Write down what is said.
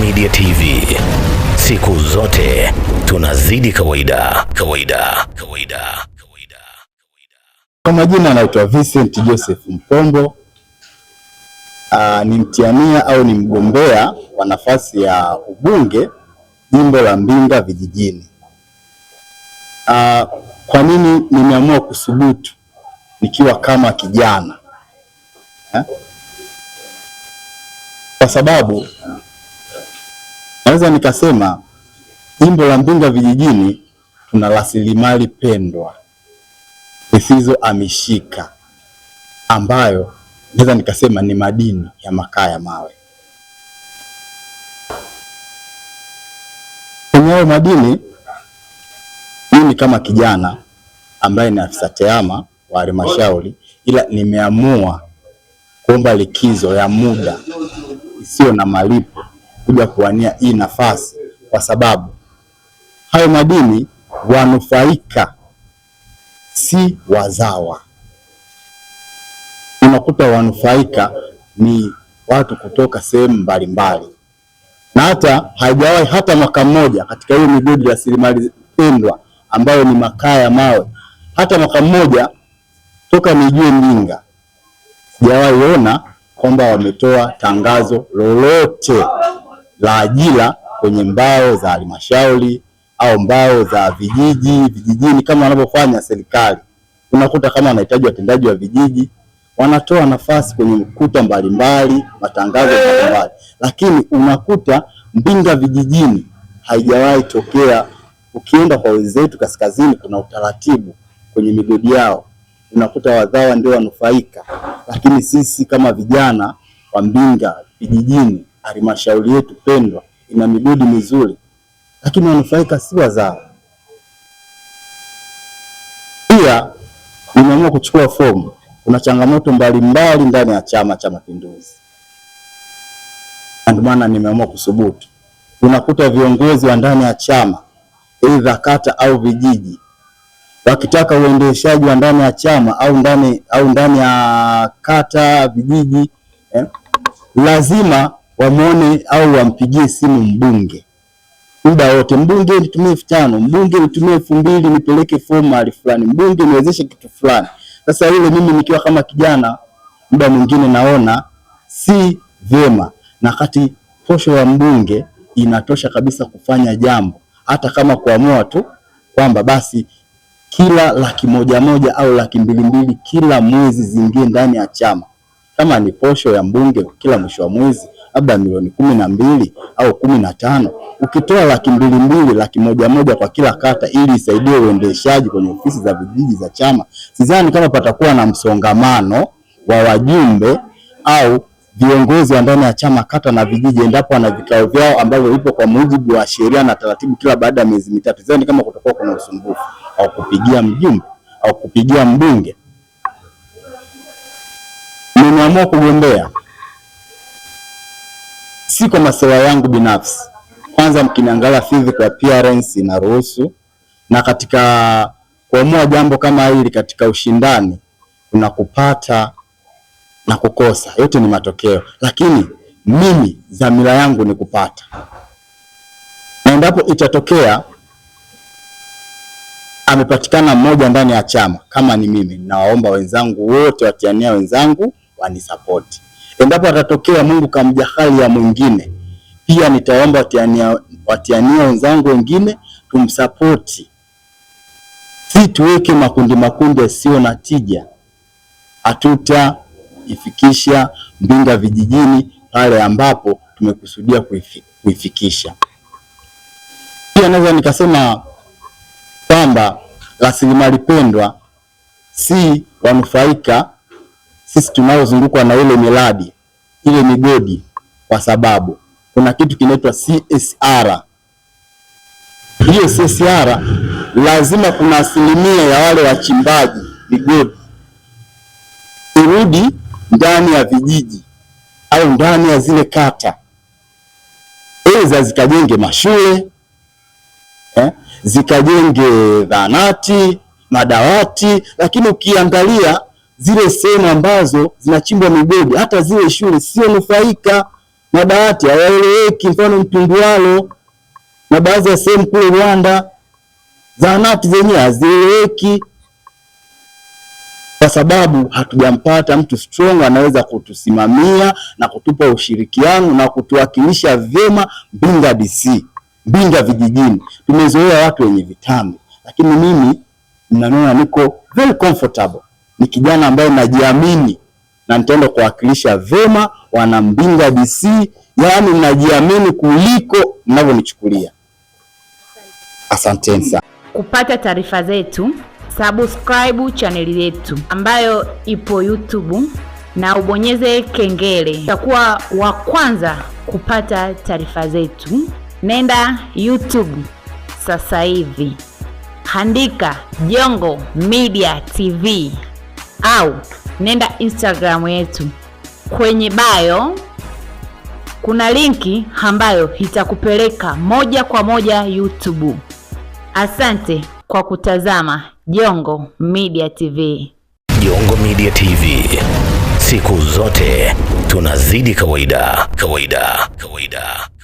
Media TV, siku zote tunazidi kawaida kawaida kawaida kawaida. Kwa majina anaitwa Vincent Joseph Mpombo. Aa, ah, ni mtiania au ni mgombea wa nafasi ya ubunge jimbo la Mbinga vijijini. Aa, ah, kwa nini nimeamua kusubutu nikiwa kama kijana ha? Eh? Kwa sababu Naweza nikasema jimbo la Mbinga vijijini tuna rasilimali pendwa zisizohamishika ambayo naweza nikasema ni madini ya makaa ya mawe. Kwenye hayo madini, mimi kama kijana ambaye ni afisa tehama wa halmashauri, ila nimeamua kuomba likizo ya muda isiyo na malipo kuja kuwania hii nafasi, kwa sababu hayo madini wanufaika si wazawa. Unakuta wanufaika ni watu kutoka sehemu mbalimbali, na hata haijawahi hata mwaka mmoja katika hiyo migodi ya rasilimali pendwa ambayo ni makaa ya mawe, hata mwaka mmoja toka nijue Mbinga sijawahi ona kwamba wametoa tangazo lolote la ajira kwenye mbao za halmashauri au mbao za vijiji vijijini, kama wanavyofanya serikali. Unakuta kama wanahitaji watendaji wa vijiji, wanatoa nafasi kwenye kuta mbalimbali, matangazo mbalimbali, lakini unakuta Mbinga vijijini haijawahi tokea. Ukienda kwa wenzetu kaskazini, kuna utaratibu kwenye migodi yao, unakuta wadhawa ndio wanufaika, lakini sisi kama vijana wa Mbinga vijijini halmashauri yetu pendwa ina migodi mizuri, lakini wanufaika si wazao. Pia nimeamua kuchukua fomu. Kuna changamoto mbalimbali ndani ya Chama cha Mapinduzi, ndio maana nimeamua kusubutu. Unakuta viongozi wa ndani ya chama, aidha kata au vijiji, wakitaka uendeshaji wa ndani ya chama au ndani au ndani ya kata vijiji eh, lazima wamwone au wampigie simu mbunge muda wote. Mbunge nitumie elfu tano, mbunge nitumie elfu mbili, nipeleke fomu mahali fulani, mbunge niwezeshe kitu fulani. Sasa ile mimi nikiwa kama kijana, muda mwingine naona si vyema, na kati posho ya mbunge inatosha kabisa kufanya jambo, hata kama kuamua tu kwamba basi kila laki moja moja au laki mbili mbili kila mwezi zingie ndani ya chama, kama ni posho ya mbunge kila mwisho wa mwezi labda milioni kumi na mbili au kumi na tano ukitoa laki mbili mbili laki moja moja kwa kila kata, ili isaidie uendeshaji kwenye ofisi za vijiji za chama, sidhani kama patakuwa na msongamano wa wajumbe au viongozi wa ndani ya chama kata na vijiji, endapo ana vikao vyao ambavyo vipo kwa mujibu wa sheria na taratibu kila baada ya miezi mitatu. Sidhani kama kutakuwa kuna usumbufu au kupigia mjumbe au kupigia mbunge, nimeamua kugombea si kwa masewa yangu binafsi. Kwanza mkiniangalia physical appearance inaruhusu, na katika kuamua jambo kama hili katika ushindani kuna kupata na kukosa, yote ni matokeo, lakini mimi dhamira yangu ni kupata, na endapo itatokea amepatikana mmoja ndani ya chama kama ni mimi, nawaomba wenzangu wote, watiania wenzangu wanisapoti. Endapo atatokea Mungu ya mwingine, pia nitaomba watiania, watiania wenzangu wengine tumsapoti, si tuweke makundi makundi yasiyo na tija. Hatutaifikisha Mbinga vijijini pale ambapo tumekusudia kuifikisha. Pia naweza nikasema kwamba rasilimali pendwa si wanufaika sisi tunaozungukwa na ile miradi ile migodi, kwa sababu kuna kitu kinaitwa CSR. Hiyo CSR lazima kuna asilimia ya wale wachimbaji migodi irudi ndani ya vijiji au ndani ya zile kata, eza zikajenge mashule eh, zikajenge zahanati, madawati. Lakini ukiangalia zile sehemu ambazo zinachimbwa migodi, hata zile shule sio nufaika, madawati hayaeleweki, mfano Mtundwalo na baadhi ya sehemu kule Rwanda, zahanati zenyewe hazieleweki kwa sababu hatujampata mtu strong anaweza kutusimamia na kutupa ushirikiano na kutuwakilisha vyema Mbinga DC, Mbinga vijijini. Tumezoea watu wenye vitambi, lakini mimi mnaniona niko very comfortable ni kijana ambaye najiamini na nitaenda kuwakilisha vema Wanambinga DC, yaani mnajiamini kuliko mnavyonichukulia. Asanteni sana. Kupata taarifa zetu, subscribe chaneli yetu ambayo ipo YouTube na ubonyeze kengele, utakuwa wa kwanza kupata taarifa zetu. Nenda YouTube sasa hivi, andika Jongo Media TV au nenda Instagram yetu kwenye bio kuna linki ambayo itakupeleka moja kwa moja YouTube. Asante kwa kutazama Jongo Media TV. Jongo Media TV, siku zote tunazidi kawaida, kawaida, kawaida.